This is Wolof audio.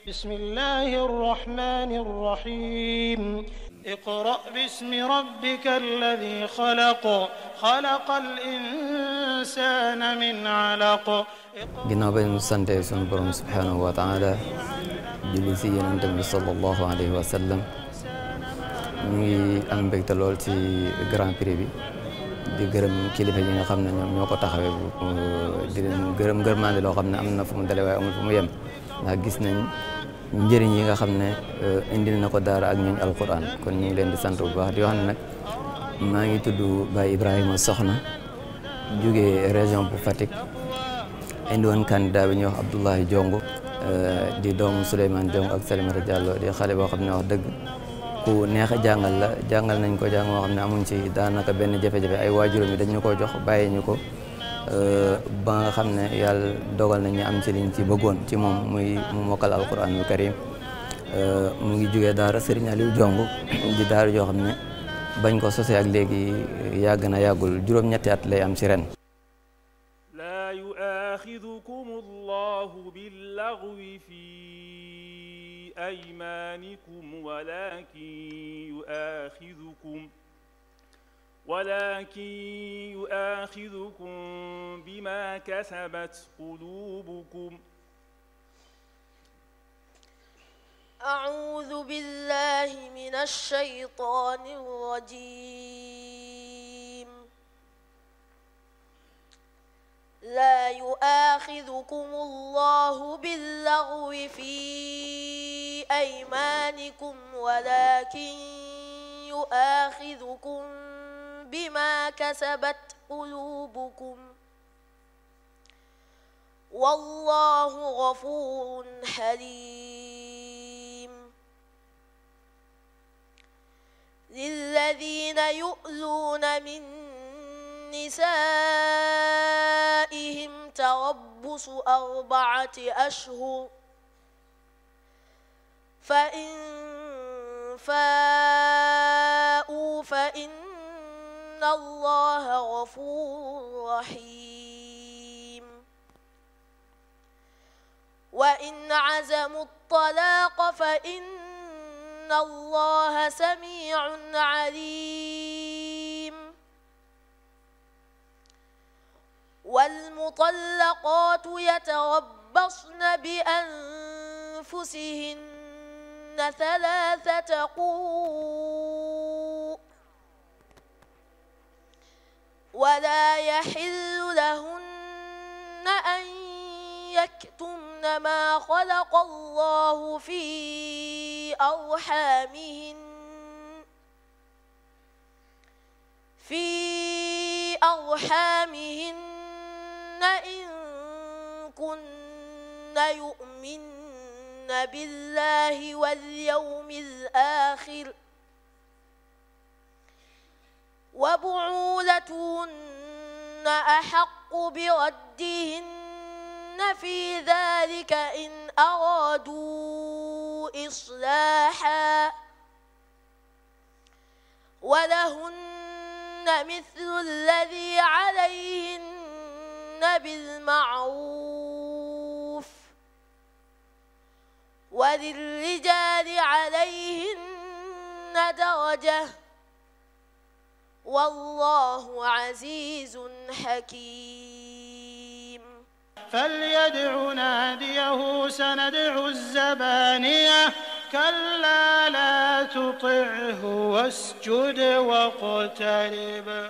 بسم الله الرحمن الرحيم اقرأ باسم ربك الذي خلق خلق الإنسان من علق ginnaaw ba ñu sant sunu borom subhaanahu wa taala julli si Yonent bi sallallahu alayhi wa sallam ñu ngi am mbégte lool ci Grand Prix bi di gërëm kilifa yi nga xam ne ñoom ñoo ko taxawee euh, di leen gërëm gërëmaande loo xam ne am na fu mu dale waaye amul fu mu yem ndax gis nañ njëriñ yi nga xam ne euh, indil na ko daara ak ñuñ alquran kon ñu leen di sant bu baax di wax ne nag maa ngi tudd Baye Ibrahima Soxna jugee région bu Fatick indi woon candidat bi ñuy wax Abdoulaye Diongo euh, di doomu Souleymane Diongo ak Salimata Diallo di xale boo xam ne wax dëgg ku neex a jàngal la jàngal nañ ko jàng moo xam ne amuñ ci daanaka benn jafe-jafe ay waajuram mi dañ ko koo jox bàyyi ñu ko Euh, ba xam ne yàlla dogal na ñu am ci liñ ci bëggoon ci moom muy mu mokkal alquranul karim euh, mu ngi jugee daar Serigne Aliou Jong di daara joo xam ne bañ ko sosee ak léegi yàgg na yàggul juróom-ñetti at lay am ci ren laa yuaaxidukum allahu billagwi fi aymaanikum walakin yuaaxidukum ولكن يؤاخذكم بما كسبت قلوبكم أعوذ بالله من الشيطان الرجيم لا يؤاخذكم الله باللغو في أيمانكم ولكن يؤاخذكم بما كسبت قلوبكم والله غفور حليم للذين يؤلون من نسائهم تربص أربعة أشهر فإن فاءوا فإن إن الله غفور رحيم وإن عزموا الطلاق فإن الله سميع عليم والمطلقات يتربصن بأنفسهن ثلاثة قُرُوءٍ ولا يحل لهن أن يكتمن ما خلق الله في أرحامهن في أرحامهن إن كن يؤمن بالله واليوم الآخر وبعولهن أحق بردهن في ذلك إن أرادوا إصلاحا ولهن مثل الذي عليهن بالمعروف وللرجال عليهن درجه والله عزيز حكيم فليدع ناديه سندع الزبانية كلا لا تطعه واسجد واقترب